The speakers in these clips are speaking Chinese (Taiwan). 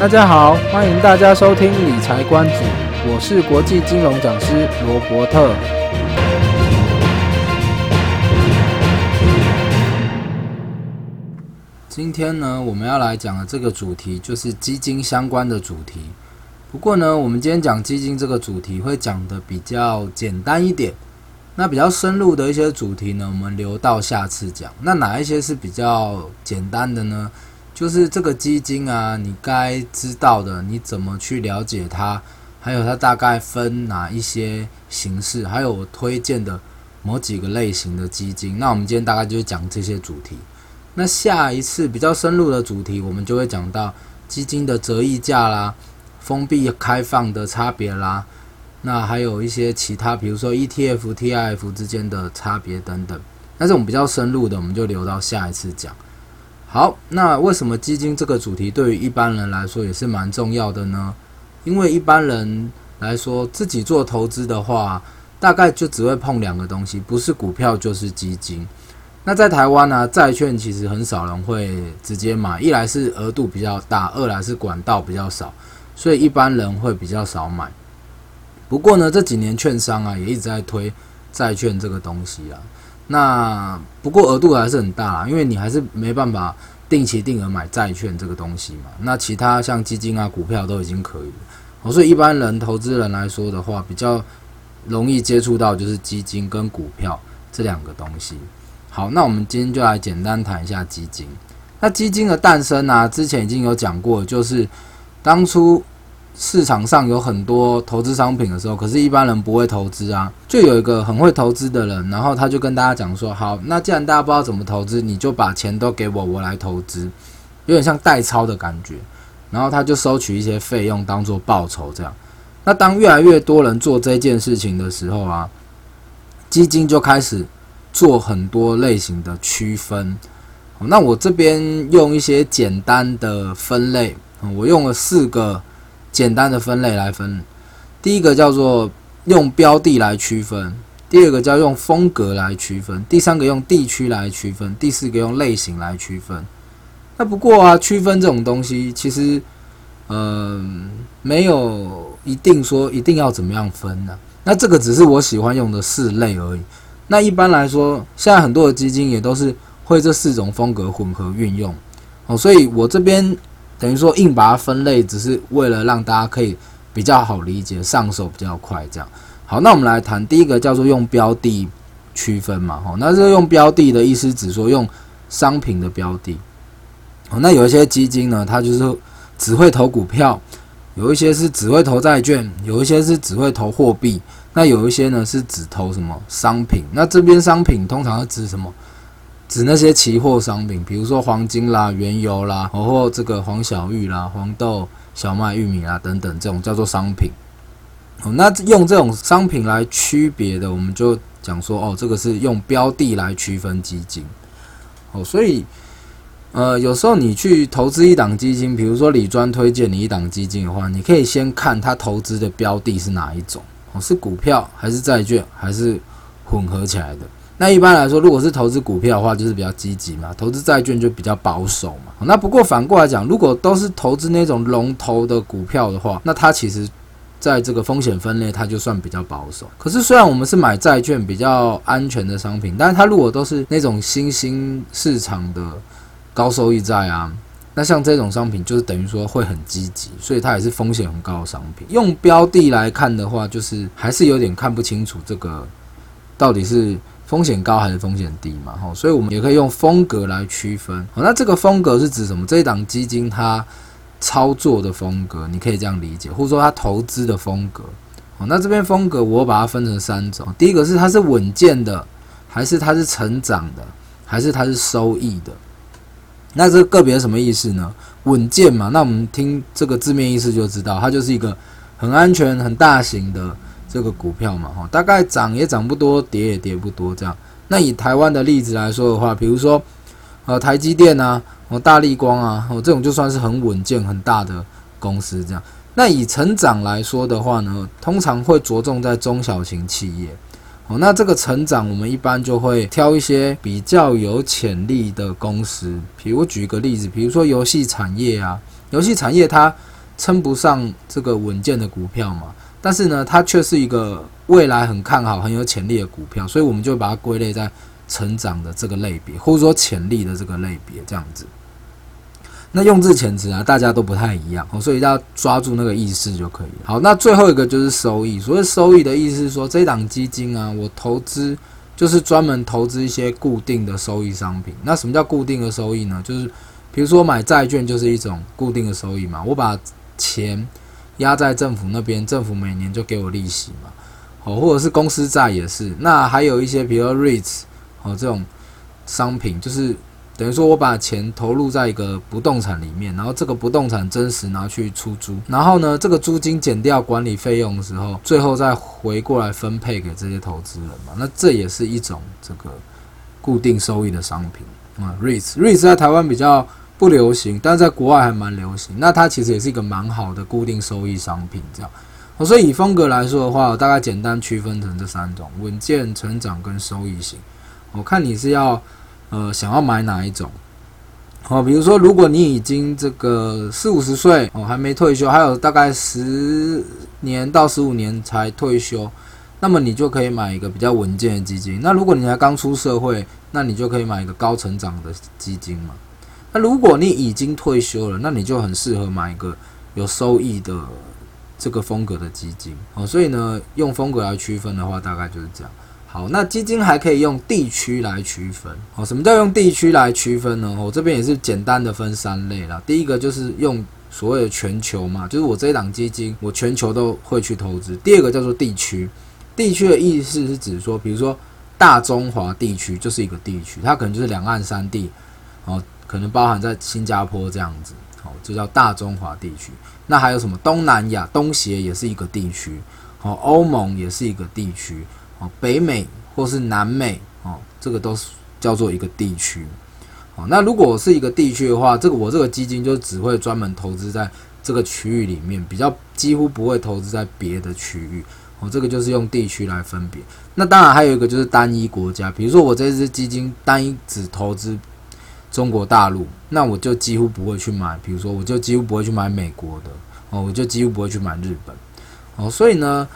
大家好，歡迎大家收聽理財觀主，我是國際金融講師羅伯特。今天呢，我們要來講的這個主題就是基金相關的主題。不過呢，我們今天講基金這個主題會講的比較簡單一點。那比較深入的一些主題呢，我們留到下次講。那哪一些是比較簡單的呢？就是這個基金啊，你該知道的，你怎麼去了解它，還有它大概分哪一些形式，還有我推薦的某幾個類型的基金。那我們今天大概就講這些主題。那下一次比較深入的主題，我們就會講到基金的折溢價啦、封閉開放的差別啦，那還有一些其他，比如說 ETF、TIF 之間的差別等等。但是我們比較深入的，我們就留到下一次講。好，那為什麼基金這個主題對於一般人來說也是蠻重要的呢？因為一般人來說，自己做投資的話，大概就只會碰兩個東西，不是股票就是基金。那在台灣呢、啊，債券其實很少人會直接買，一來是額度比較大，二來是管道比較少，所以一般人會比較少買。不過呢，這幾年券商啊也一直在推債券這個東西啊。那不過額度還是很大啦，因為你還是沒辦法定期定額買債券這個東西嘛。那其他像基金啊、股票都已經可以了。哦，所以一般人投資人來說的話，比較容易接觸到就是基金跟股票這兩個東西。好，那我們今天就來簡單談一下基金。那基金的誕生呢、啊，之前已經有講過，就是當初。市場上有很多投資商品的時候，可是，一般人不會投資啊。就有一個很會投資的人，然後他就跟大家講說：“好，那既然大家不知道怎麼投資，你就把錢都給我，我來投資，有點像代操的感覺。”然後他就收取一些費用當做報酬，這樣。那當越來越多人做這件事情的時候啊，基金就開始做很多類型的區分。那我這邊用一些簡單的分類，我用了四個。簡單的分類來分，第一個叫做用標的來區分，第二個叫用風格來區分，第三個用地區來區分，第四個用類型來區分。那不過啊，區分這種東西其實，嗯，沒有一定說一定要怎麼樣分的啊。那這個只是我喜歡用的四類而已。那一般來說，現在很多的基金也都是會這四種風格混合運用。哦，所以我這邊。等於說硬把它分類，只是為了讓大家可以比較好理解、上手比較快，這樣。好，那我們來談第一個，叫做用標的區分嘛，吼，那這個用標的的意思，只說用商品的標的。哦，那有一些基金呢，它就是只會投股票；有一些是只會投債券；有一些是只會投貨幣；那有一些呢是只投什麼商品？那這邊商品通常是指什麼？指那些期貨商品，比如說黃金啦、原油啦，然後，哦，這個黃小玉啦、黃豆、小麥、玉米啦等等，這種叫做商品。哦，那用這種商品來區別的，我們就講說哦，這個是用標的來區分基金。哦，所以，呃，有時候你去投資一檔基金，比如說理專推薦你一檔基金的話，你可以先看他投資的標的是哪一種，哦，是股票還是債券還是混合起來的？那一般來說，如果是投資股票的話，就是比較積極嘛；投資債券就比較保守嘛。那不過反過來講，如果都是投資那種龍頭的股票的話，那它其實在這個風險分類，它就算比較保守。可是雖然我們是買債券比較安全的商品，但是它如果都是那種新興市場的高收益債啊，那像這種商品就是等於說會很積極，所以它也是風險很高的商品。用標的來看的話，就是還是有點看不清楚這個到底是風險高還是風險低嘛？吼，所以我們也可以用風格來區分。好，那這個風格是指什麼？這一檔基金它操作的風格，你可以這樣理解，或者說它投資的風格。好，那這邊風格我把它分成三種：第一個是它是穩健的，還是它是成長的，還是它是收益的？那這個別什麼意思呢？穩健嘛，那我們聽這個字面意思就知道，它就是一個很安全、很大型的。這個股票嘛，哈，大概漲也漲不多，跌也跌不多，這樣。那以台灣的例子來說的話，比如說，呃，台積電啊，哦，大立光啊，哦，這種就算是很穩健、很大的公司，這樣。那以成長來說的話呢，通常會着重在中小型企業。哦，那這個成長，我們一般就會挑一些比較有潛力的公司。比如我舉一個例子，比如說遊戲產業啊，遊戲產業它稱不上這個穩健的股票嘛。但是呢，它卻是一個未來很看好、很有潛力的股票，所以我們就把它歸類在成長的這個類別，或者說潛力的這個類別這樣子。那用字遣詞啊，大家都不太一樣，哦，所以要抓住那個意思就可以了。好，那最後一個就是收益。所謂收益的意思是說，這檔基金啊，我投資就是專門投資一些固定的收益商品。那什麼叫固定的收益呢？就是比如說買債券，就是一種固定的收益嘛。我把錢。壓在政府那邊，政府每年就給我利息嘛，哦，或者是公司債也是。那還有一些，比如 REITs，哦，這種商品就是等於說我把錢投入在一個不動產裡面，然後這個不動產真實拿去出租，然後呢，這個租金減掉管理費用的時候，最後再回過來分配給這些投資人嘛。那這也是一種這個固定收益的商品。那、嗯、REITs，REITs 在台灣比較，不流行，但在國外還蠻流行。那它其實也是一個蠻好的固定收益商品，這樣、哦。所以以風格來說的話，我大概簡單區分成這三種：穩健、成長跟收益型。我、哦、看你是要呃想要買哪一種？好、哦，比如說如果你已經這個四五十歲，哦還沒退休，還有大概十年到十五年才退休，那麼你就可以買一個比較穩健的基金。那如果你還剛出社會，那你就可以買一個高成長的基金嘛。那如果你已經退休了，那你就很適合買一個有收益的這個風格的基金哦。所以呢，用風格來區分的話，大概就是這樣。好，那基金還可以用地區來區分，好，哦，什麼叫用地區來區分呢？我，哦，這邊也是簡單的分三類啦。第一個就是用所謂的全球嘛，就是我這一檔基金，我全球都會去投資。第二個叫做地區，地區的意思是指說，比如說大中華地區就是一個地區，它可能就是兩岸三地哦。可能包含在新加坡這樣子，好，就叫大中華地區。那還有什麼東南亞、東協也是一個地區，好，歐盟也是一個地區，好，北美或是南美，哦，這個都是叫做一個地區。好，那如果我是一個地區的話，這個我這個基金就只會專門投資在這個區域裡面，比較幾乎不會投資在別的區域。哦，這個就是用地區來分別。那當然還有一個就是單一國家，比如說我這隻基金單一只投資。中國大陸，那我就幾乎不會去買。比如說，我就幾乎不會去買美國的哦，我就幾乎不會去買日本哦。所以呢，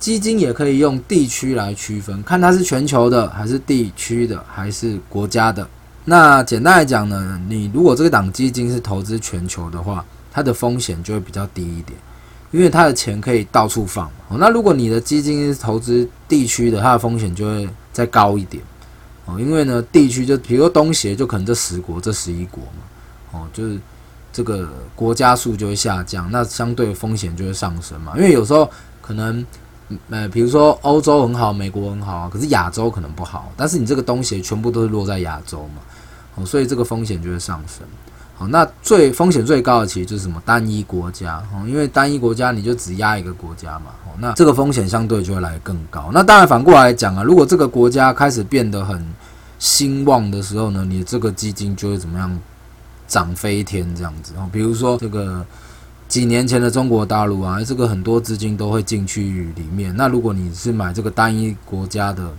基金也可以用地區來區分，看它是全球的還是地區的還是國家的。那簡單來講呢，你如果這個檔基金是投資全球的話，它的風險就會比較低一點，因為它的錢可以到處放。哦，那如果你的基金是投資地區的，它的風險就會再高一點。哦，因為呢，地區就比如說東協，就可能這十國、這十一國嘛，哦，就是這個國家數就會下降，那相對風險就會上升嘛。因為有時候可能，呃，比如說歐洲很好，美國很好啊，可是亞洲可能不好，但是你這個東協全部都是落在亞洲嘛，哦，所以這個風險就會上升。好，那最風險最高的其實就是什麼？單一國家，因為單一國家你就只壓一個國家嘛。那這個風險相對就會來更高。那當然反過來講啊，如果這個國家開始變得很興旺的時候呢，你這個基金就會怎麼樣？漲飛天這樣子。比如說這個幾年前的中國大陸啊，這個很多資金都會進去裡面。那如果你是買這個單一國家的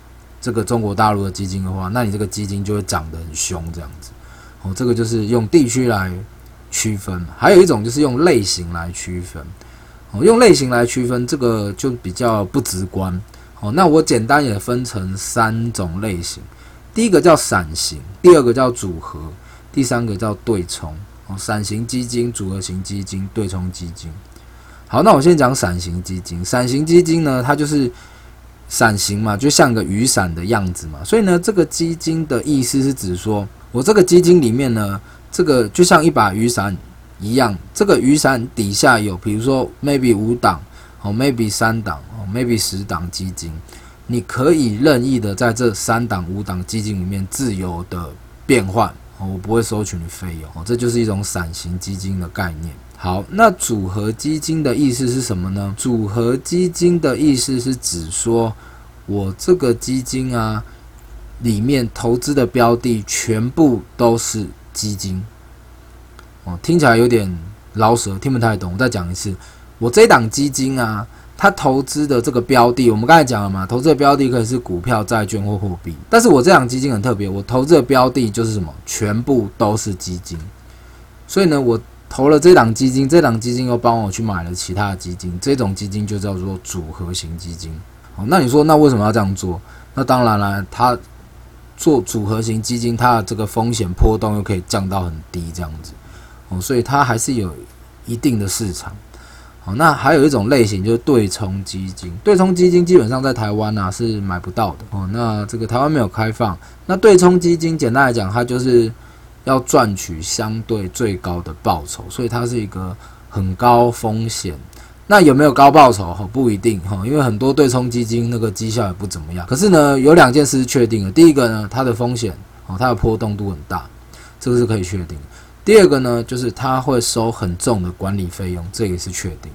這個中國大陸的基金的話，那你這個基金就會漲得很兇這樣子。哦，這個就是用地區來區分，還有一種就是用類型來區分。哦，用類型來區分，這個就比較不直觀。哦，那我簡單也分成三種類型：第一個叫傘型，第二個叫組合，第三個叫對沖。哦，傘型基金、組合型基金、對沖基金。好，那我先講傘型基金。傘型基金呢，它就是傘型嘛，就像個雨傘的樣子嘛。所以呢，這個基金的意思是指說。我這個基金裡面呢，這個就像一把雨傘一樣，這個雨傘底下有，比如說 maybe 五檔，哦 maybe 三檔，哦 maybe 十檔基金，你可以任意的在這三檔、五檔基金裡面自由的變換，哦，我不會收取你費用，哦，這就是一種傘型基金的概念。好，那組合基金的意思是什麼呢？組合基金的意思是指說我這個基金啊。裡面投資的標的全部都是基金，哦，聽起來有點繞舌，聽不太懂。我再講一次，我這檔基金啊，它投資的這個標的，我們剛才講了嘛，投資的標的可以是股票、債券或貨幣。但是我這檔基金很特別，我投資的標的就是什麼，全部都是基金。所以呢，我投了這檔基金，這檔基金又幫我去買了其他的基金，這種基金就叫做組合型基金。好，那你說，那為什麼要這樣做？那當然了，它。做組合型基金，它的這個風險波動又可以降到很低這樣子，哦，所以它還是有一定的市場。好，那還有一種類型就是對沖基金。對沖基金基本上在台灣呐、啊、是買不到的哦。那這個台灣沒有開放。那對沖基金簡單來講，它就是要賺取相對最高的報酬，所以它是一個很高風險。那有沒有高報酬？哈，不一定哈，因為很多對沖基金那個績效也不怎麼樣。可是呢，有兩件事確定的，第一個呢，它的風險哦，它的波動度很大，這個是可以確定；第二個呢，就是它會收很重的管理費用，這也是確定。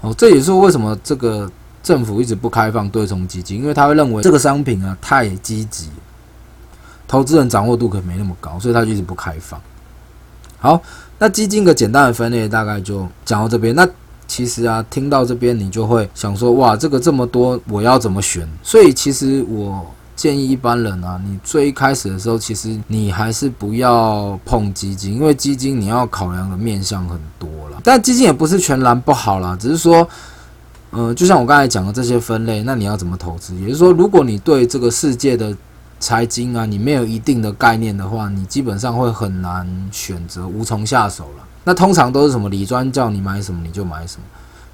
哦，這也是為什麼這個政府一直不開放對沖基金，因為他會認為這個商品啊太積極，投資人掌握度可沒那麼高，所以他一直不開放。好，那基金的簡單的分類大概就講到這邊。那其實啊，聽到這邊你就會想說，哇，這個這麼多，我要怎麼選？所以其實我建議一般人啊，你最一開始的時候，其實你還是不要碰基金，因為基金你要考量的面向很多了。但基金也不是全然不好啦，只是說，呃，就像我剛才講的這些分類，那你要怎麼投資？也就是說，如果你對這個世界的財經啊，你沒有一定的概念的話，你基本上會很難選擇，無從下手了。那通常都是什麼？理專叫你買什麼你就買什麼。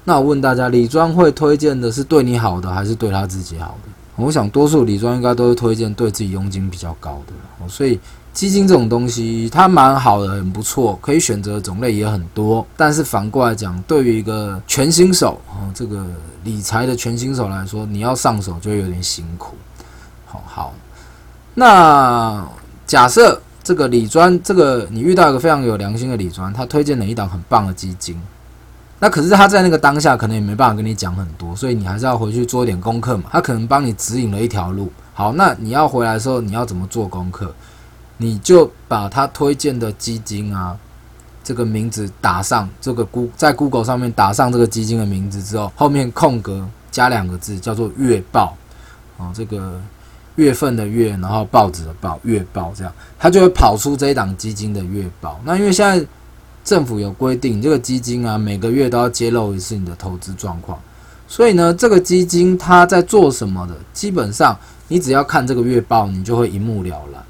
那我問大家，理專會推薦的是對你好的，還是對他自己好的？我想多數理專應該都會推薦對自己佣金比較高的。所以基金這種東西，它蠻好的，很不錯，可以選擇種類也很多。但是反過來講，對於一個全新手啊，這個理財的全新手來說，你要上手就會有點辛苦。好，好，那假設。這個理專，這個你遇到一個非常有良心的理專，他推薦了一檔很棒的基金，那可是他在那個當下可能也沒辦法跟你講很多，所以你還是要回去做一點功課嘛。他可能幫你指引了一條路，好，那你要回來的時候你要怎麼做功課？你就把他推薦的基金啊，這個名字打上，這個在 Google 上面打上這個基金的名字之後，後面空格加兩個字叫做月報，啊，這個。月份的月，然後報紙的報，月報這樣，它就會跑出這一檔基金的月報。那因為現在政府有規定，這個基金啊每個月都要揭露一次你的投資狀況，所以呢，這個基金它在做什麼的，基本上你只要看這個月報，你就會一目了然。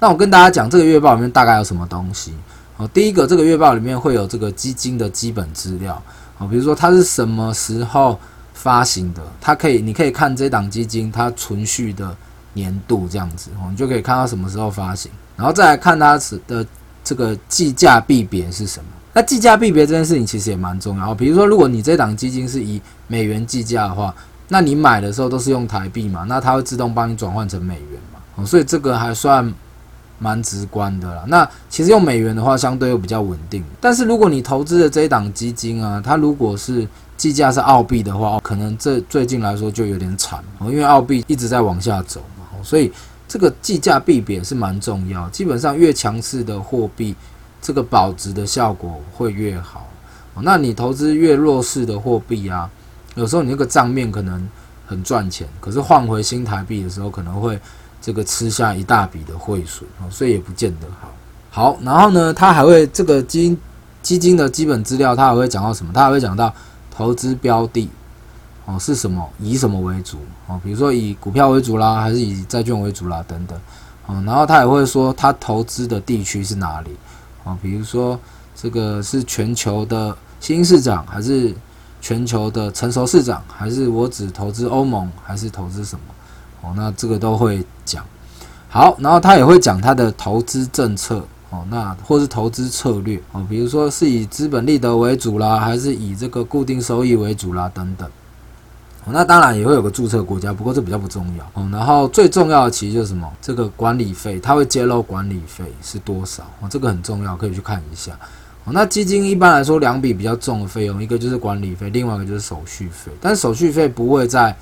那我跟大家講，這個月報裡面大概有什麼東西？好、哦，第一個，這個月報裡面會有這個基金的基本資料，好、哦，比如說它是什麼時候發行的，它可以，你可以看這一檔基金它存續的。年度這樣子，我們就可以看到什麼時候發行，然後再來看它是的這個計價幣別是什麼。那計價幣別這件事情其實也蠻重要哦。比如說，如果你這檔基金是以美元計價的話，那你買的時候都是用台幣嘛，那它會自動幫你轉換成美元嘛。哦，所以這個還算蠻直觀的啦。那其實用美元的話，相對又比較穩定。但是如果你投資的這一檔基金啊，它如果是計價是澳幣的話，可能這最近來說就有點慘哦，因為澳幣一直在往下走。所以這個計價幣別也是蠻重要，基本上越強勢的貨幣，這個保值的效果會越好。那你投資越弱勢的貨幣啊，有時候你那個賬面可能很賺錢，可是換回新台幣的時候，可能會這個吃下一大筆的匯損，所以也不見得好。好，然後呢，它還會這個基金基金的基本資料，它還會講到什麼？它還會講到投資標的。哦，是什麼以什麼為主哦，比如說以股票為主啦，還是以債券為主啦，等等。哦，然後他也會說他投資的地區是哪裡哦，比如說這個是全球的新市場，還是全球的成熟市場，還是我只投資歐盟，還是投資什麼？哦，那這個都會講。好，然後他也會講他的投資政策哦，那或是投資策略哦，比如說是以資本利得為主啦，還是以這個固定收益為主啦，等等。哦，那當然也會有個注冊國家，不過這比較不重要哦。然後最重要的其實就是什麼，這個管理費，它會揭露管理費是多少。哦，這個很重要，可以去看一下。哦，那基金一般來說，兩筆比較重的費用，一個就是管理費，另外一個就是手續費。但手續費不會在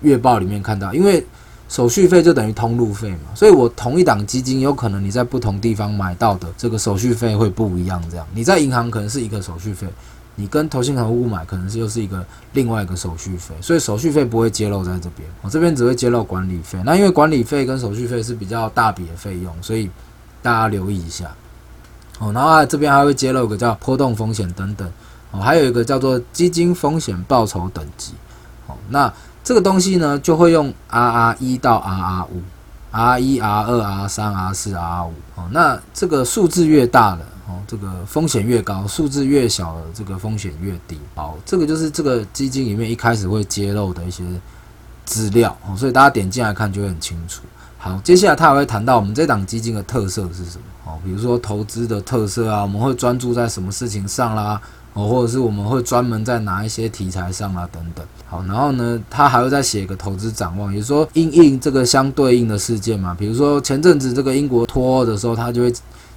月報裡面看到，因為手續費就等於通路費嘛。所以我同一檔基金，有可能你在不同地方買到的這個手續費會不一樣。這樣你在銀行可能是一個手續費。你跟投信和物買，可能是又是一個另外一個手續費，所以手續費不會揭露在這邊，我這邊只會揭露管理費。那因為管理費跟手續費是比較大筆的費用，所以大家留意一下。哦，然後這邊還會揭露一個叫波動風險等等，哦，還有一個叫做基金風險報酬等級。哦，那這個東西呢，就會用 R R 一到 R R 五，R 一、R 二、R 三、R 四、R 五。哦，那這個數字越大了。哦，這個風險越高，數字越小，這個風險越低。好，這個就是這個基金裡面一開始會揭露的一些資料。所以大家點進來看就會很清楚。好，接下來他還會談到我們這檔基金的特色是什麼？哦，比如說投資的特色啊，我們會專注在什麼事情上啦？哦，或者是我們會專門在哪一些題材上啊？等等。好，然後呢，他還會再寫一個投資展望，也就是說因應這個相對應的事件嘛。比如說前陣子這個英國脫歐的時候，他就會，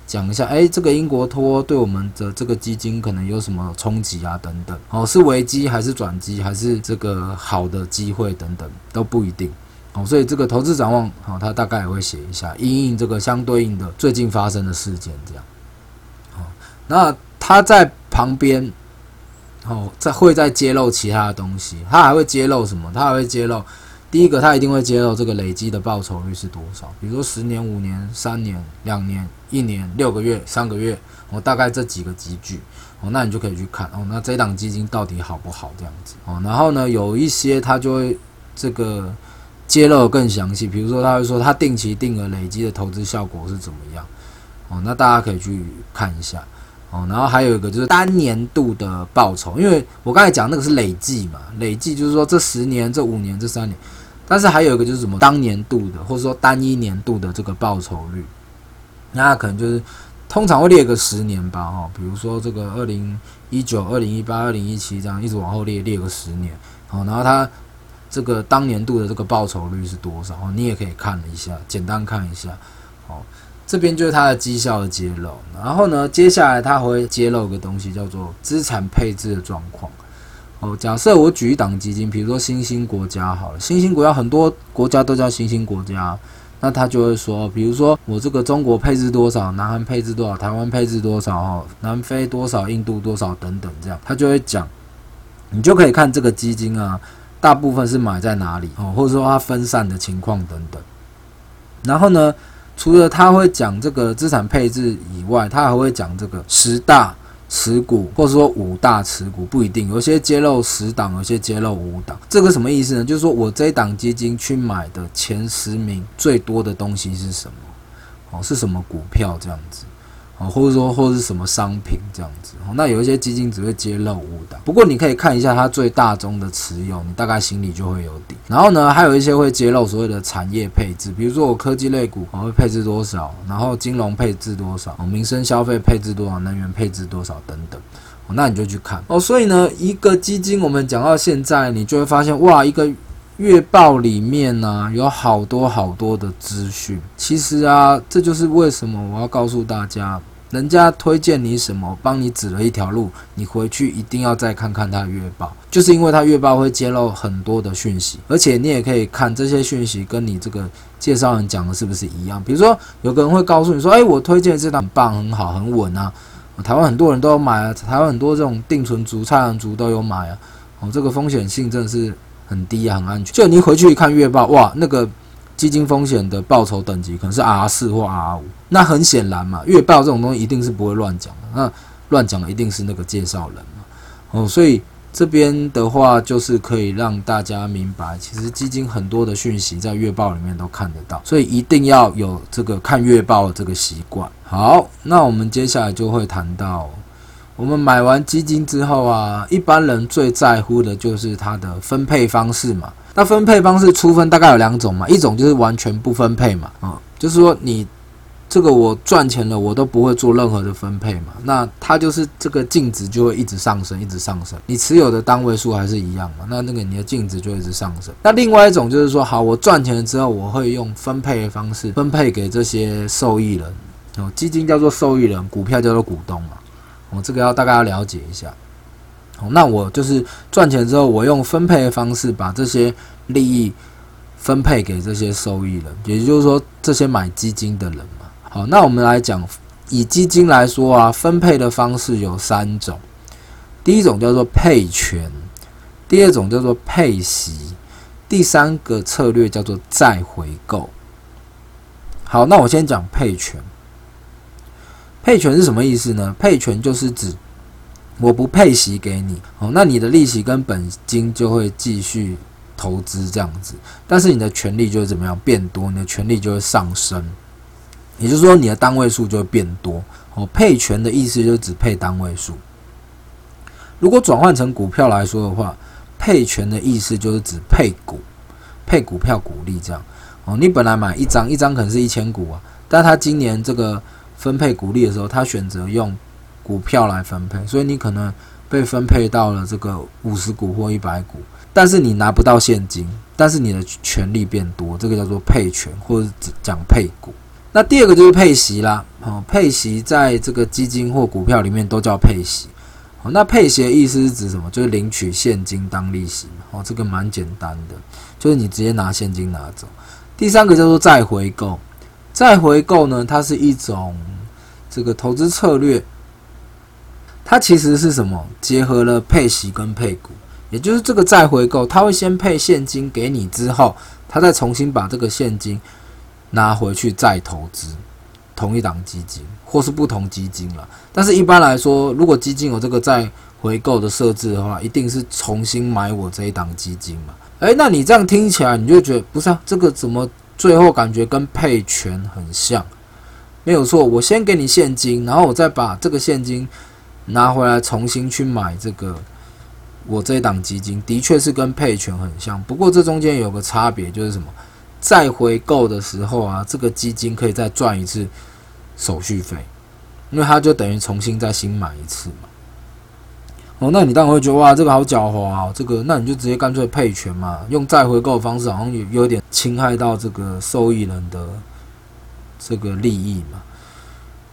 講一下，誒，這個英國脫歐對我們的這個基金可能有什麼衝擊啊？等等，哦，是危機還是轉機，還是這個好的機會等等，都不一定。哦，所以這個投資展望，好、哦，他大概也會寫一下，因應這個相對應的最近發生的事件這樣。啊、哦，那他在旁邊，哦，在會再揭露其他的東西，他還會揭露什麼？他還會揭露。第一個，他一定會揭露這個累積的報酬率是多少，比如說十年、五年、三年、兩年、一年、六個月、三個月，我、哦、大概這幾個級距。哦，那你就可以去看哦，那這檔基金到底好不好這樣子哦。然後呢，有一些他就會這個揭露更詳細，比如說他會說他定期定額累積的投資效果是怎麼樣哦，那大家可以去看一下哦。然後還有一個就是單年度的報酬，因為我剛才講那個是累計嘛，累計就是說這十年、這五年、這三年。但是還有一個就是什麼當年度的或者說單一年度的這個報酬率，那可能就是通常會列個十年吧，哈、哦，比如說這個二零一九、二零一八、二零一七這樣一直往後列，列個十年，好、哦，然後它這個當年度的這個報酬率是多少、哦？你也可以看一下，簡單看一下，好、哦，這邊就是它的績效的揭露，然後呢，接下來它會揭露一個東西叫做資產配置的狀況。假設我舉一檔基金，比如說新興國家好了，新興國家很多國家都叫新興國家，那他就會說，比如說我這個中國配置多少，南韓配置多少，台灣配置多少，南非多少，印度多少等等，這樣他就會講，你就可以看這個基金啊，大部分是買在哪裡，哦，或者說它分散的情況等等。然後呢，除了他會講這個資產配置以外，他還會講這個十大。持股，或者說五大持股不一定，有些揭露十檔，有些揭露五檔，這個什麼意思呢？就是說我這一檔基金去買的前十名最多的東西是什麼？哦，是什麼股票這樣子？哦，或者說或者是什麼商品這樣子。哦，那有一些基金只會揭露五檔的，不過你可以看一下它最大宗的持有，你大概心裡就會有底。然後呢，還有一些會揭露所謂的產業配置，比如說我科技類股我會、哦、配置多少，然後金融配置多少，哦、民生消費配置多少，能源配置多少等等，哦，那你就去看哦。所以呢，一個基金我們講到現在，你就會發現哇，一個。月報裡面呢、啊、有好多好多的資訊，其實啊，這就是為什麼我要告訴大家，人家推薦你什麼，幫你指了一條路，你回去一定要再看看他的月報，就是因為他月報會揭露很多的訊息，而且你也可以看這些訊息跟你這個介紹人講的是不是一樣。比如說，有個人會告訴你說：“誒、哎，我推薦的這檔很棒、很好、很穩啊、哦，台灣很多人都有買啊，台灣很多這種定存族、菜籃族都有買啊。”哦，這個風險性真的是。很低啊，很安全。就你回去看月報，哇，那個基金風險的報酬等級可能是 R4 或 R5，那很顯然嘛，月報這種東西一定是不會亂講的，那亂講的一定是那個介紹人嘛，哦，所以這邊的話就是可以讓大家明白，其實基金很多的訊息在月報裡面都看得到，所以一定要有這個看月報的這個習慣。好，那我們接下來就會談到。我們買完基金之後啊，一般人最在乎的就是它的分配方式嘛。那分配方式粗分大概有兩種嘛，一種就是完全不分配嘛，啊、嗯，就是說你這個我賺錢了，我都不會做任何的分配嘛。那它就是這個淨值就會一直上升，一直上升。你持有的單位數還是一樣嘛，那那個你的淨值就一直上升。那另外一種就是說，好，我賺錢了之後，我會用分配的方式分配給這些受益人哦、嗯，基金叫做受益人，股票叫做股東嘛。我這個要大概要了解一下，好，那我就是賺錢之後，我用分配的方式把這些利益分配給這些受益人，也就是說，這些買基金的人嘛。好，那我們來講以基金來說啊，分配的方式有三種，第一種叫做配權，第二種叫做配息，第三個策略叫做再回購。好，那我先講配權。配權是什麼意思呢？配權就是指我不配息給你哦，那你的利息跟本金就會繼續投資這樣子，但是你的權利就會怎麼樣變多，你的權利就會上升，也就是說你的單位數就會變多哦。配權的意思就是指配單位數。如果轉換成股票來說的話，配權的意思就是指配股，配股票股利這樣哦。你本來買一張，一張可能是一千股啊，但他今年這個。分配股利的時候，他選擇用股票來分配，所以你可能被分配到了這個五十股或一百股，但是你拿不到現金，但是你的權利變多，這個叫做配權或者講配股。那第二個就是配息啦，哦，配息在這個基金或股票裡面都叫配息，哦。那配息的意思是指什麼？就是領取現金當利息哦，這個蠻簡單的，就是你直接拿現金拿走。第三個叫做再回購，再回購呢，它是一種。這個投資策略，它其實是什麼？結合了配息跟配股，也就是這個再回購，它會先配現金給你，之後它再重新把這個現金拿回去再投資同一檔基金，或是不同基金了。但是一般來說，如果基金有這個再回購的設置的話，一定是重新買我這一檔基金嘛？哎、欸，那你這樣聽起來，你就覺得不是啊？這個怎麼最後感覺跟配權很像？沒有錯，我先給你現金，然後我再把這個現金拿回來重新去買這個我這一檔基金，的確是跟配權很像。不過這中間有個差別，就是什麼？再回購的時候啊，這個基金可以再賺一次手續費，因為它就等於重新再新買一次嘛。哦，那你當然會覺得哇，這個好狡猾，啊，這個那你就直接乾脆配權嘛，用再回購的方式好像有，有點侵害到這個受益人的。這個利益嘛，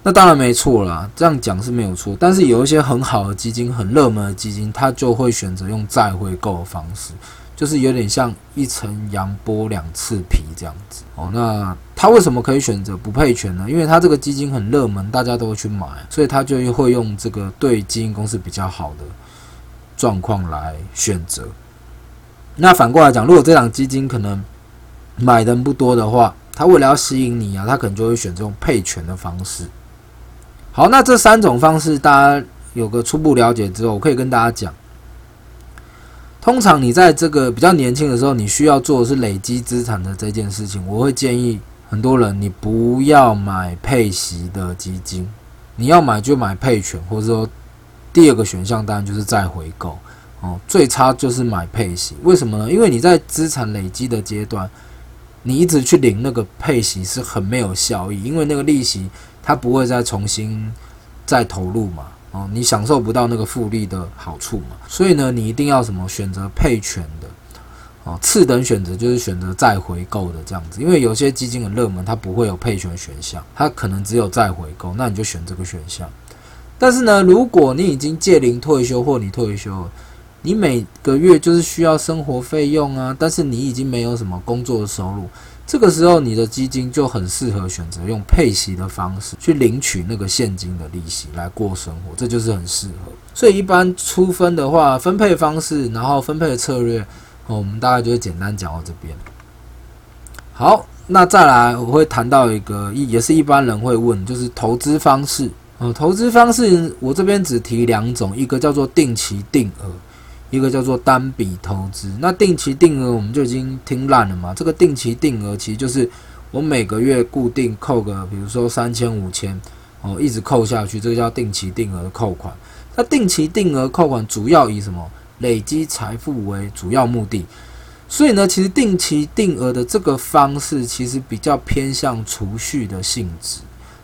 那當然沒錯啦，這樣講是沒有錯。但是有一些很好的基金，很熱門的基金，它就會選擇用再回購的方式，就是有點像一層羊剝兩次皮這樣子哦。那它為什麼可以選擇不配權呢？因為它這個基金很熱門，大家都會去買，所以它就會用這個對基金公司比較好的狀況來選擇。那反過來講，如果這檔基金可能買的人不多的話，他為了要吸引你啊，他可能就會選這種配權的方式。好，那這三種方式大家有個初步了解之後，我可以跟大家講。通常你在這個比較年輕的時候，你需要做的是累積資產的這件事情。我會建議很多人，你不要買配息的基金，你要買就買配權，或者說第二個選項當然就是再回購。哦，最差就是買配息，為什麼呢？因為你在資產累積的階段。你一直去領那個配息是很沒有效益，因為那個利息它不會再重新再投入嘛，哦，你享受不到那個複利的好處嘛。所以呢，你一定要什麼選擇配權的，哦，次等選擇就是選擇再回購的這樣子。因為有些基金很熱門，它不會有配權選項，它可能只有再回購，那你就選這個選項。但是呢，如果你已經屆齡退休或你退休了，你每個月就是需要生活費用啊，但是你已經沒有什麼工作的收入，這個時候你的基金就很適合選擇用配息的方式去領取那個現金的利息來過生活，這就是很適合。所以一般粗分的話，分配方式，然後分配策略，哦，我們大概就會簡單講到這邊。好，那再來我會談到一個一，也是一般人會問，就是投資方式，哦，投資方式我這邊只提兩種，一個叫做定期定額。一個叫做單筆投資，那定期定額我們就已經聽爛了嘛。這個定期定額其實就是我每個月固定扣個，比如說三千五千哦，一直扣下去，這個叫定期定額扣款。那定期定額扣款主要以什麼累積財富為主要目的，所以呢，其實定期定額的這個方式其實比較偏向儲蓄的性質，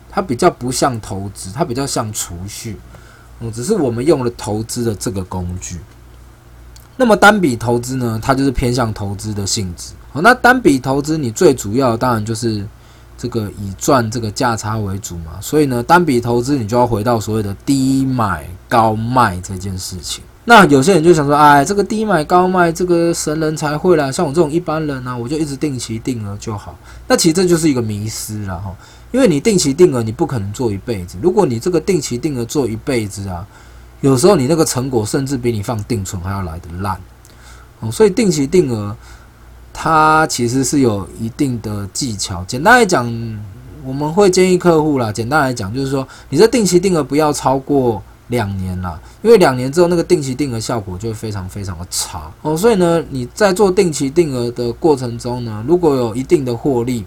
它比較不像投資，它比較像儲蓄，嗯，只是我們用了投資的這個工具。那麼單筆投資呢，它就是偏向投資的性質。好，那單筆投資你最主要的當然就是這個以賺這個價差為主嘛。所以呢，單筆投資你就要回到所謂的低買高賣這件事情。那有些人就想說，哎，這個低買高賣這個神人才會啦，像我這種一般人呢、啊，我就一直定期定額就好。那其實這就是一個迷思了哈，因為你定期定額你不可能做一輩子。如果你這個定期定額做一輩子啊。有時候你那個成果甚至比你放定存還要來得爛，哦，所以定期定額它其實是有一定的技巧。簡單來講，我們會建議客戶啦。簡單來講，就是說你這定期定額不要超過兩年啦，因為兩年之後那個定期定額效果就會非常非常的差哦。所以呢，你在做定期定額的過程中呢，如果有一定的獲利，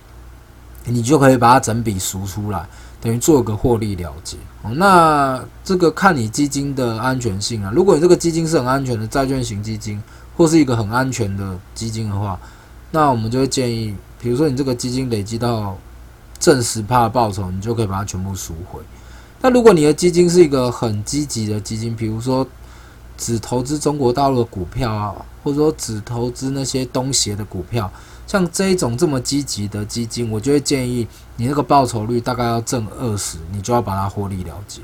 你就可以把它整筆贖出來，等於做一個獲利了結，那這個看你基金的安全性啊。如果你這個基金是很安全的債券型基金，或是一個很安全的基金的話，那我們就會建議，比如說你這個基金累積到正十趴的報酬，你就可以把它全部贖回。那如果你的基金是一個很積極的基金，比如說只投資中國大陸的股票啊，或者說只投資那些東協的股票。像這一種這麼積極的基金，我就會建議你那個報酬率大概要掙二十，你就要把它獲利了結，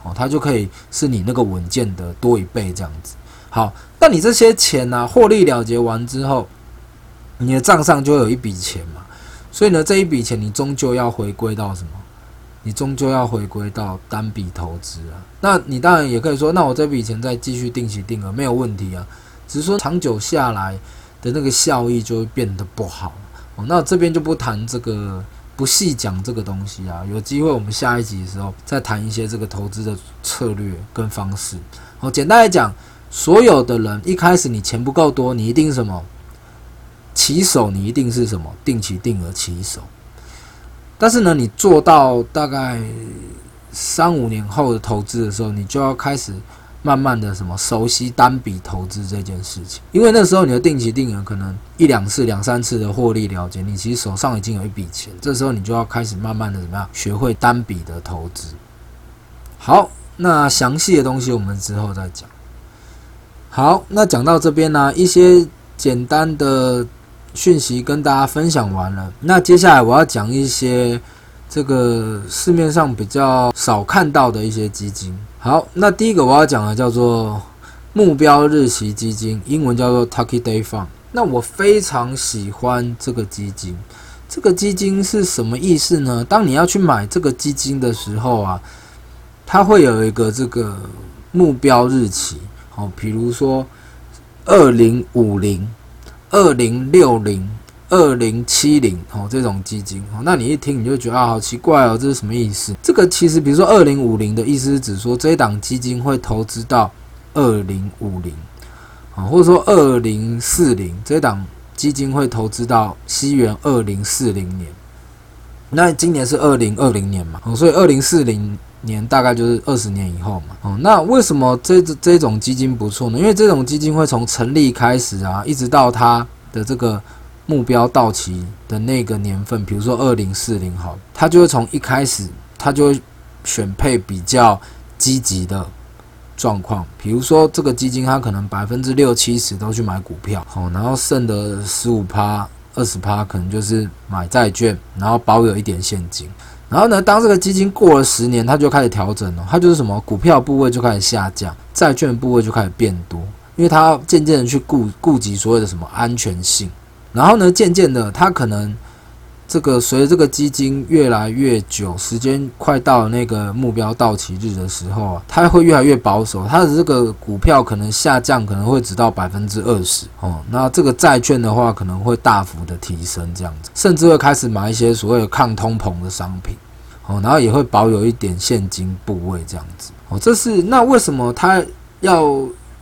好，它就可以是你那個穩健的多一倍這樣子。好，但你這些錢呢，獲利了結完之後，你的賬上就會有一筆錢嘛。所以呢，這一筆錢你終究要回歸到什麼？你終究要回歸到單筆投資啊。那你當然也可以說，那我這筆錢再繼續定期定額，沒有問題啊。只是說長久下來。的那個效益就會變得不好。那這邊就不談這個，不細講這個東西啊。有機會我們下一集的時候再談一些這個投資的策略跟方式。好，簡單來講，所有的人一開始你錢不夠多，你一定什麼？起手你一定是什麼？定期定額起手。但是呢，你做到大概三五年後的投資的時候，你就要開始。慢慢的，什麼熟悉單筆投資這件事情，因為那時候你的定期定額可能一兩次、兩三次的獲利，了解，你其實手上已經有一筆錢，這時候你就要開始慢慢的怎麼樣學會單筆的投資。好，那詳細的東西我們之後再講。好，那講到這邊呢，一些簡單的訊息跟大家分享完了，那接下來我要講一些這個市面上比較少看到的一些基金。好，那第一個我要講的叫做目標日期基金，英文叫做 Target Date Fund。那我非常喜歡這個基金。這個基金是什麼意思呢？當你要去買這個基金的時候啊，它會有一個這個目標日期，好，比如說二零五零、二零六零。二零七零哦，這種基金哦，那你一聽你就覺得啊，好奇怪哦，這是什麼意思？這個其實比如說二零五零的意思是指說這一檔基金會投資到二零五零哦，或者說二零四零，這一檔基金會投資到西元二零四零年。那今年是二零二零年嘛，哦、所以二零四零年大概就是二十年以後嘛。哦，那為什麼這這這種基金不錯呢？因為這種基金會從成立開始啊，一直到它的這個。目標到期的那個年份，比如說二零四零，好，他就會從一開始，他就會選配比較積極的狀況，比如說這個基金，它可能百分之六七十都去買股票，好、哦，然後剩的十五趴、二十趴，可能就是買債券，然後保有一點現金。然後呢，當這個基金過了十年，它就開始調整了、哦，它就是什麼股票部位就開始下降，債券部位就開始變多，因為它漸漸的去顧顧及所謂的什麼安全性。然後呢，漸漸的，他可能這個隨着這個基金越來越久，時間快到那個目標到期日的時候，啊，他會越來越保守。他的這個股票可能下降，可能會只到百分之二十哦。那這個債券的話，可能會大幅的提升這樣子，甚至會開始買一些所謂抗通膨的商品哦。然後也會保有一點現金部位這樣子哦。這是那為什麼他要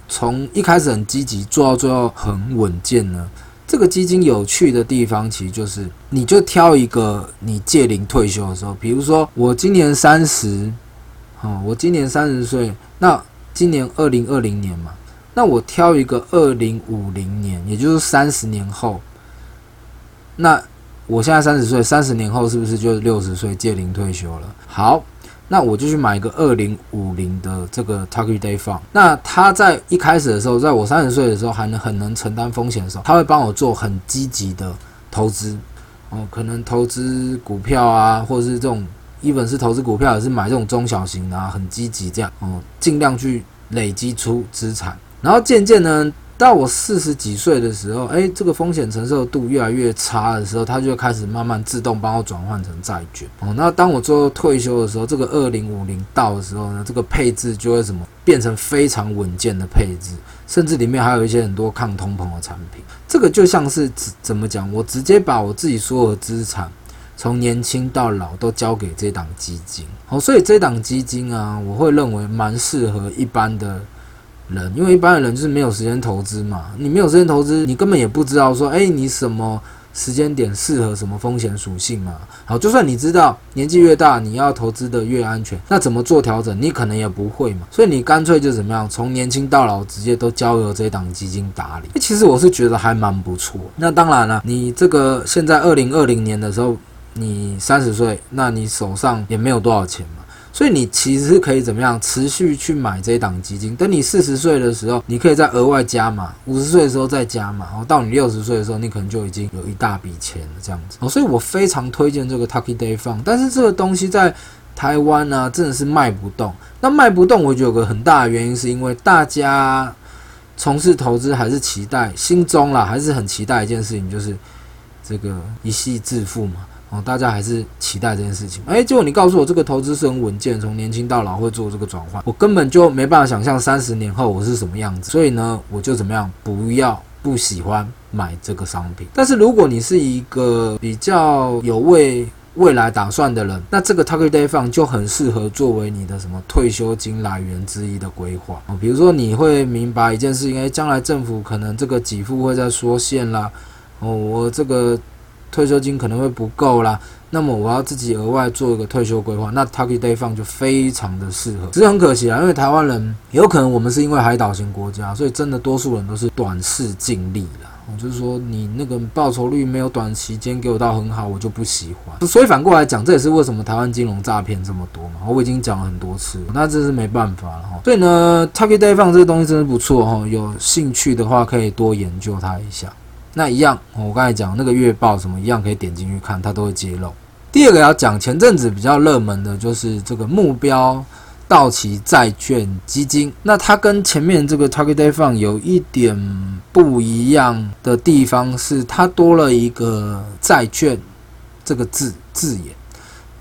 從一開始很積極做到最後很穩健呢？這個基金有趣的地方，其實就是你就挑一個你屆齡退休的時候，比如說我今年三十，啊，我今年三十歲，那今年二零二零年嘛，那我挑一個二零五零年，也就是三十年後，那我現在三十歲，三十年後是不是就是六十歲屆齡退休了？好。那我就去買一個二零五零的這個 Target Date Fund。那他在一開始的時候，在我三十歲的時候，還能很能承擔風險的時候，他會幫我做很積極的投資，哦、呃，可能投資股票啊，或者是這種一本是投資股票，也是買這種中小型的啊，很積極這樣，哦、呃，盡量去累積出資產，然後漸漸呢，到我四十幾歲的時候，哎、欸，這個風險承受度越來越差的時候，它就開始慢慢自動幫我轉換成債券。哦，那當我最後退休的時候，這個二零五零到的時候呢，這個配置就會什麼變成非常穩健的配置，甚至裡面還有一些很多抗通膨的產品。這個就像是怎麼講，我直接把我自己所有的資產從年輕到老都交給這檔基金。哦，所以這檔基金啊，我會認為蠻適合一般的。人，因為一般的人就是沒有時間投資嘛，你沒有時間投資，你根本也不知道說，哎，你什麼時間點適合什麼風險屬性嘛。好，就算你知道年紀越大你要投資的越安全，那怎麼做調整，你可能也不會嘛。所以你乾脆就怎麼樣，從年輕到老直接都交由這檔基金打理。其實我是覺得還蠻不錯。那當然了，你這個現在二零二零年的時候，你三十歲，那你手上也沒有多少錢嘛。所以你其實是可以怎麼樣持續去買這一檔基金？等你四十歲的時候，你可以再額外加碼；五十歲的時候再加碼，然後到你六十歲的時候，你可能就已經有一大筆錢了這樣子。哦，所以我非常推薦這個 Tucky Day Fund，但是這個東西在台灣啊，真的是賣不動。那賣不動，我覺得有個很大的原因，是因為大家從事投資還是期待心中啦，還是很期待一件事情，就是這個一夕致富嘛。哦，大家還是期待這件事情。誒、哎，結果你告訴我這個投資是很穩健，從年輕到老會做這個轉換，我根本就沒辦法想象三十年後我是什麼樣子。所以呢，我就怎麼樣，不要不喜歡買這個商品。但是如果你是一個比較有為未來打算的人，那這個 target date fund 就很適合作為你的什麼退休金來源之一的規劃。哦、比如說，你會明白一件事情，誒、哎、將來政府可能這個給付會再縮限啦。哦，我這個。退休金可能會不夠啦，那麼我要自己額外做一個退休規劃，那 Target Date Fund 就非常的適合。只是很可惜啊，因為台灣人有可能我們是因為海島型國家，所以真的多數人都是短視近利啦、哦。就是說，你那個報酬率沒有短期間給我到很好，我就不喜歡。所以反過來講，這也是為什麼台灣金融詐騙這麼多嘛。我已經講了很多次，那這是沒辦法了哈。所以呢，Target Date Fund 這個東西真的不錯哈、哦，有興趣的話可以多研究它一下。那一樣，我剛才講那個月報什麼一樣可以點進去看，它都會揭露。第二個要講前陣子比較熱門的，就是這個目標到期債券基金。那它跟前面這個 target date fund 有一點不一樣的地方是，它多了一個“債券”這個字字眼。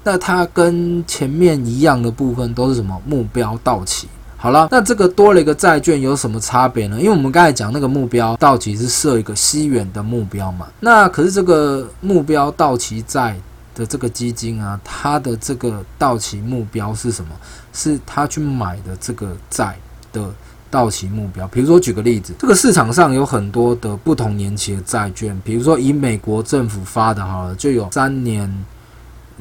那它跟前面一樣的部分都是什麼？目標到期。好了，那這個多了一個債券有什麼差別呢？因為我們剛才講那個目標到期是設一個西元的目標嘛。那可是這個目標到期債的這個基金啊，它的這個到期目標是什麼？是它去買的這個債的到期目標。比如說舉個例子，這個市場上有很多的不同年期的債券，比如說以美國政府發的，好了，就有三年。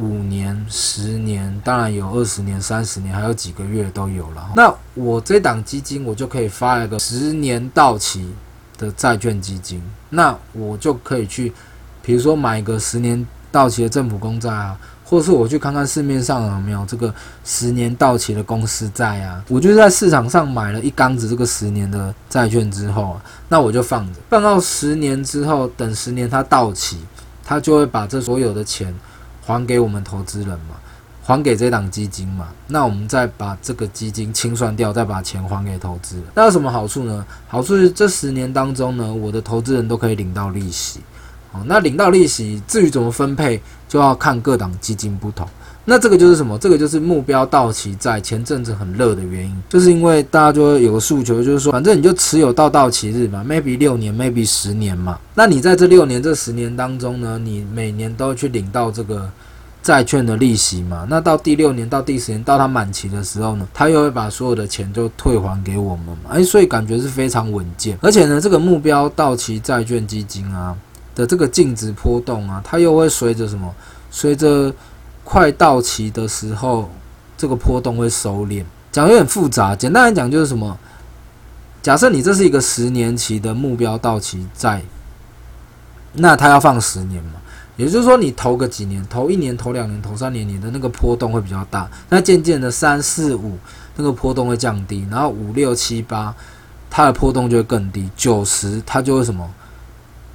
五年、十年，當然有二十年、三十年，還有幾個月都有了。那我這檔基金，我就可以發一個十年到期的債券基金。那我就可以去，比如說買一個十年到期的政府公債啊，或是我去看看市面上有沒有這個十年到期的公司債啊。我就在市場上買了一缸子這個十年的債券之後啊，那我就放着，放到十年之後，等十年它到期，它就會把這所有的錢。還給我們投資人嘛，還給這檔基金嘛？那我們再把這個基金清算掉，再把錢還給投資人。那有什麼好處呢？好處是這十年當中呢，我的投資人都可以領到利息。好，那領到利息，至於怎麼分配，就要看各檔基金不同。那這個就是什麼？這個就是目標到期債，前陣子很熱的原因，就是因為大家就會有個訴求，就是說，反正你就持有到到期日嘛，maybe 六年，maybe 十年嘛。那你在這六年、這十年當中呢，你每年都去領到這個債券的利息嘛。那到第六年、到第十年，到它滿期的時候呢，它又會把所有的錢都退還給我們嘛。哎、欸，所以感覺是非常穩健。而且呢，這個目標到期債券基金啊的這個淨值波動啊，它又會隨着什麼？隨着快到期的時候，這個波動會收斂。講有點複雜，簡單來講就是什麼？假設你這是一個十年期的目標到期債，那它要放十年嘛，也就是說你投個幾年，投一年、投兩年、投三年年，你的那個波動會比較大。那漸漸的三四五那個波動會降低，然後五六七八它的波動就會更低，九十它就會什麼，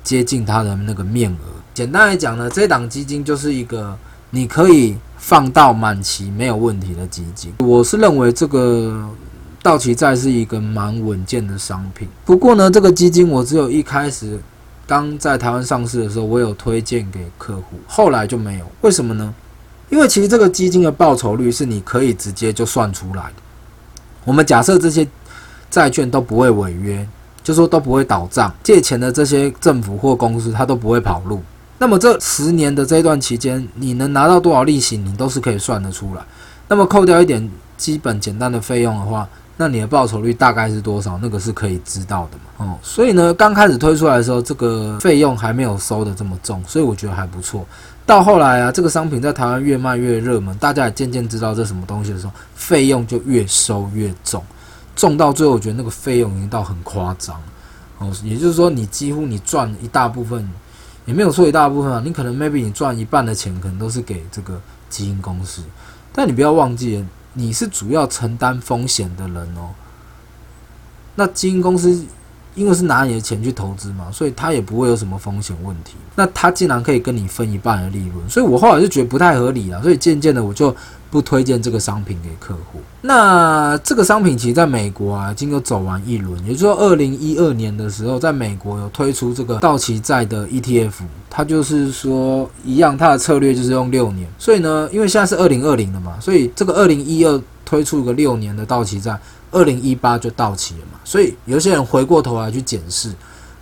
接近它的那個面額。簡單來講呢，這檔基金就是一個。你可以放到滿期沒有問題的基金，我是認為這個到期債是一個蠻穩健的商品。不過呢，這個基金我只有一開始剛在台灣上市的時候，我有推薦給客戶，後來就沒有。為什麼呢？因為其實這個基金的報酬率是你可以直接就算出來的。我們假設這些債券都不會違約，就說都不會倒賬，借錢的這些政府或公司，他都不會跑路。那麼這十年的這一段期間，你能拿到多少利息，你都是可以算得出來。那麼扣掉一點基本簡單的費用的話，那你的報酬率大概是多少？那個是可以知道的嘛。哦，所以呢，剛開始推出來的時候，這個費用還沒有收得這麼重，所以我覺得還不錯。到後來啊，這個商品在台灣越賣越熱門，大家也漸漸知道這什麼東西的時候，費用就越收越重，重到最後，我覺得那個費用已經到很誇張。哦，也就是說，你幾乎你賺一大部分。也沒有說一大部分啊，你可能 maybe 你賺一半的錢，可能都是給這個基金公司，但你不要忘記了，你是主要承擔風險的人哦。那基金公司因為是拿你的錢去投資嘛，所以他也不會有什麼風險問題。那他竟然可以跟你分一半的利潤，所以我後來就覺得不太合理了，所以漸漸的我就。不推薦這個商品給客戶。那這個商品其實在美國啊，經過走完一輪，也就是說，二零一二年的時候，在美國有推出這個到期債的 ETF，它就是說一樣，它的策略就是用六年。所以呢，因為現在是二零二零了嘛，所以這個二零一二推出一個六年的到期債，二零一八就到期了嘛。所以有些人回過頭來去檢視，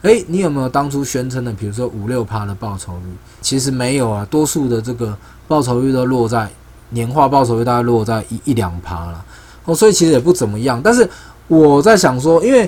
誒，你有沒有當初宣稱的，比如說五六趴的報酬率？其實沒有啊，多數的這個報酬率都落在。年化報酬率大概落在一一兩趴啦，哦、喔，所以其實也不怎麼樣。但是我在想說，因為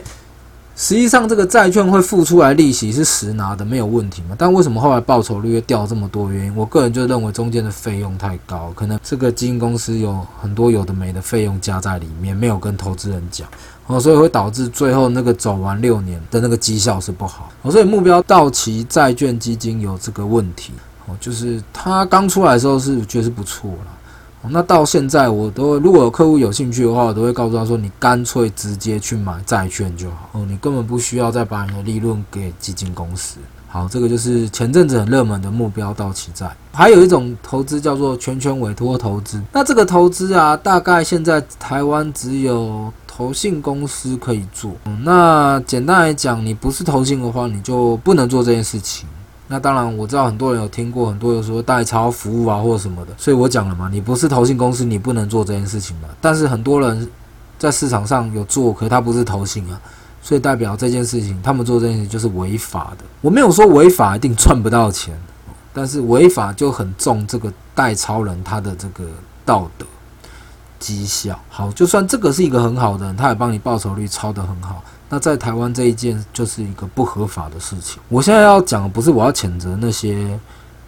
實際上這個債券會付出來利息是實拿的，沒有問題嘛。但為什麼後來報酬率會掉這麼多？原因，我個人就認為中間的費用太高，可能這個基金公司有很多有的沒的費用加在裡面，沒有跟投資人講，哦，所以會導致最後那個走完六年的那個績效是不好、喔。所以目標到期債券基金有這個問題，哦，就是它剛出來的時候是覺得是不錯了。那到現在我都，如果有客戶有興趣的話，我都會告訴他說，你乾脆直接去買債券就好，哦、嗯，你根本不需要再把你的利潤給基金公司。好，這個就是前陣子很熱門的目標到期債。還有一種投資叫做全權委託投資，那這個投資啊，大概現在台灣只有投信公司可以做。嗯、那簡單來講，你不是投信的話，你就不能做這件事情。那當然，我知道很多人有聽過，很多人說代操服務啊，或者什麼的，所以我講了嘛，你不是投信公司，你不能做這件事情的啊。但是很多人在市場上有做，可是他不是投信啊，所以代表這件事情，他們做這件事情就是違法的。我沒有說違法一定賺不到錢，但是違法就很重這個代操人他的這個道德績效。好，就算這個是一個很好的人，他也幫你報酬率操得很好。那在台灣這一件就是一個不合法的事情。我現在要講的不是我要譴責那些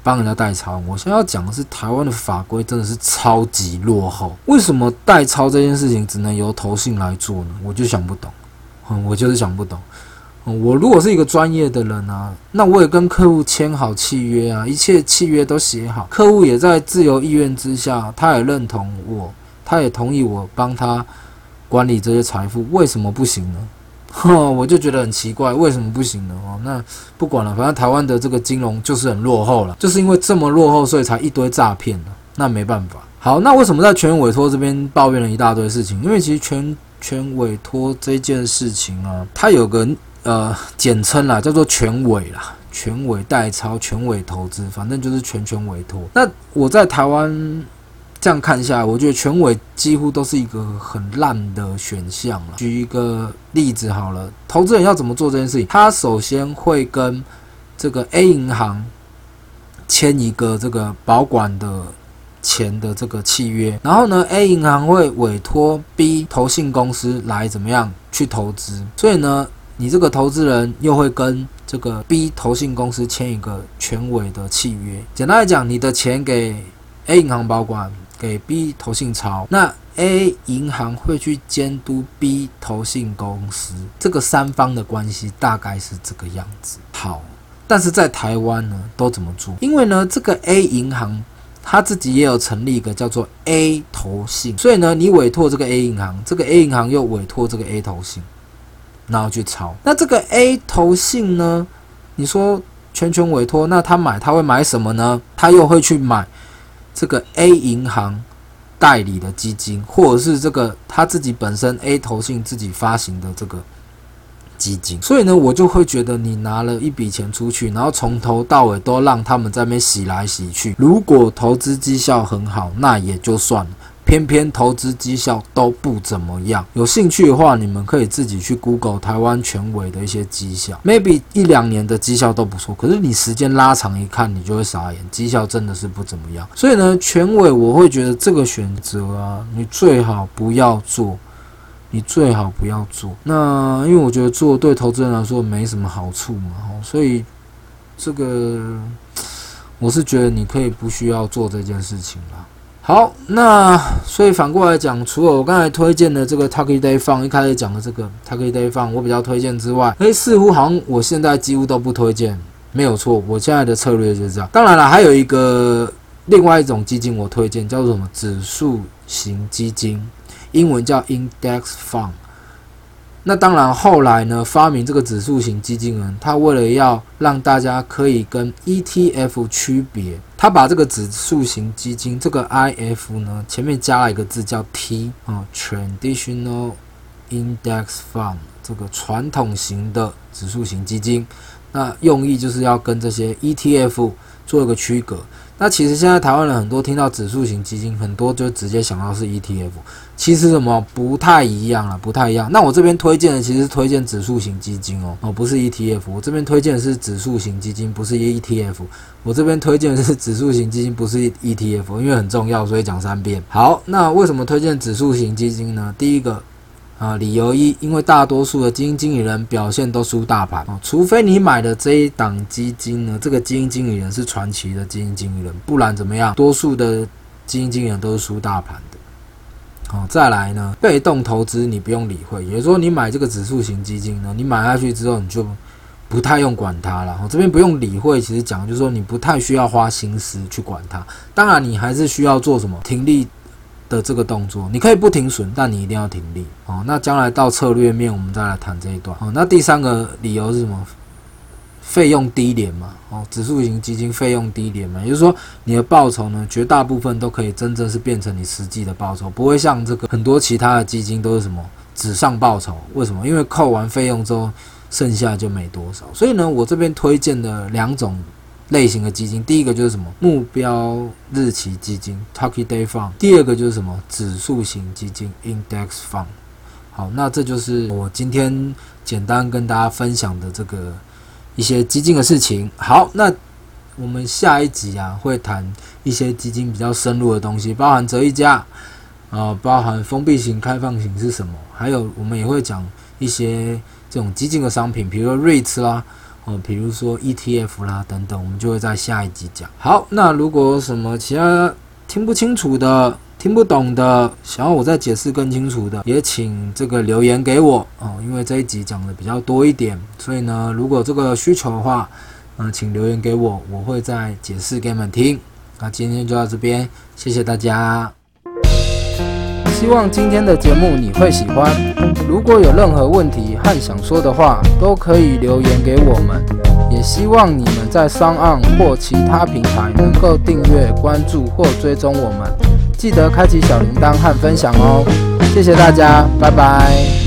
幫人家代操，我現在要講的是台灣的法規真的是超級落後。為什麼代操這件事情只能由投信來做呢？我就想不懂，我就是想不懂。我如果是一個專業的人啊，那我也跟客戶簽好契約啊，一切契約都寫好，客戶也在自由意願之下，他也認同我，他也同意我幫他管理這些財富，為什麼不行呢？哼，我就覺得很奇怪，為什麼不行呢？哦，那不管了，反正台灣的這個金融就是很落後了，就是因為這麼落後，所以才一堆詐騙，那沒辦法。好，那為什麼在全委托這邊抱怨了一大堆事情？因為其實全全委托這件事情啊，它有個呃簡稱啦，叫做全委啦，全委代操、全委投資，反正就是全權委託。那我在台灣。這樣看下來，我覺得全委幾乎都是一個很爛的選項了。舉一個例子好了，投資人要怎麼做這件事情？他首先會跟這個 A 銀行簽一個這個保管的錢的這個契約，然後呢，A 銀行會委託 B 投信公司來怎麼樣去投資。所以呢，你這個投資人又會跟這個 B 投信公司簽一個全委的契約。簡單來講，你的錢給 A 銀行保管。給 B 投信抄，那 A 銀行會去監督 B 投信公司，這個三方的關係大概是這個樣子。好，但是在台灣呢，都怎麼做？因為呢，這個 A 銀行他自己也有成立一個叫做 A 投信，所以呢，你委托這個 A 銀行，這個 A 銀行又委托這個 A 投信，然後去抄。那這個 A 投信呢，你說全權委托，那他買他會買什麼呢？他又會去買。這個 A 銀行代理的基金，或者是這個他自己本身 A 投信自己發行的這個基金，所以呢，我就會覺得你拿了一筆錢出去，然後從頭到尾都讓他們在那邊洗來洗去。如果投資績效很好，那也就算了。偏偏投資績效都不怎麼樣。有興趣的話，你們可以自己去 Google 台灣全委的一些績效，Maybe 一兩年的績效都不錯，可是你時間拉長一看，你就會傻眼，績效真的是不怎麼樣。所以呢，全委我會覺得這個選擇啊，你最好不要做，你最好不要做。那因為我覺得做對投資人來說沒什麼好處嘛，所以這個我是覺得你可以不需要做這件事情了。好，那所以反過來講，除了我剛才推薦的這個 Tucki Day Fund，一開始講的這個 Tucki Day Fund，我比較推薦之外，哎、欸，似乎好像我現在幾乎都不推薦，沒有錯，我現在的策略就是這樣。當然了，還有一個另外一種基金我推薦，叫做什麼指數型基金，英文叫 Index Fund。那當然，後來呢，發明這個指數型基金人，他為了要讓大家可以跟 ETF 區別。他把這個指數型基金這個 IF 呢，前面加了一個字叫 T 啊，traditional index fund，這個傳統型的指數型基金，那用意就是要跟這些 ETF 做一個區隔。那其實現在台灣人很多聽到指數型基金，很多就直接想到是 ETF。其實什麼不太一樣了，不太一樣。那我這邊推薦的其實是推薦指數型基金哦，哦，不是 ETF。我這邊推薦的是指數型基金，不是 ETF。我這邊推薦的是指數型基金，不是 ETF，因為很重要，所以講三遍。好，那為什麼推薦指數型基金呢？第一個啊，呃，理由一，因為大多數的基金經理人表現都輸大盤，哦，除非你買的這一檔基金呢，這個基金經理人是傳奇的基金經理人，不然怎麼樣？多數的基金經理人都是輸大盤。好，再來呢，被動投資你不用理會，也就是說你買這個指數型基金呢，你買下去之後你就不太用管它了，這邊不用理會，其實講就是說你不太需要花心思去管它，當然你還是需要做什麼停利的這個動作，你可以不停損，但你一定要停利。好，那將來到策略面我們再來談這一段。好，那第三個理由是什麼？費用低廉嘛，哦，指數型基金費用低廉嘛，也就是說你的報酬呢，絕大部分都可以真正是變成你實際的報酬，不會像這個很多其他的基金都是什麼紙上報酬。為什麼？因為扣完費用之後剩下就沒多少。所以呢，我這邊推薦的兩種類型的基金，第一個就是什麼目標日期基金 t a r k e d a y Fund），第二個就是什麼指數型基金 （Index Fund）。好，那這就是我今天簡單跟大家分享的這個。一些基金的事情。好，那我們下一集啊，會談一些基金比較深入的東西，包含這一家，啊、呃，包含封閉型、開放型是什麼，還有我們也會講一些這種基金的商品，比如說 REITs 啦，哦、呃，比如說 ETF 啦等等，我們就會在下一集講。好，那如果有什麼其他聽不清楚的。聽不懂的，想要我再解釋更清楚的，也請這個留言給我哦。因為這一集講的比較多一點，所以呢，如果這個需求的話，嗯、呃，請留言給我，我會再解釋給你們聽。那今天就到這邊，謝謝大家。希望今天的節目你會喜歡。如果有任何問題和想說的話，都可以留言給我們。也希望你們在 SoundOn 或其他平台能夠訂閱、關注或追蹤我們。記得開啟小鈴鐺和分享哦，謝謝大家，拜拜。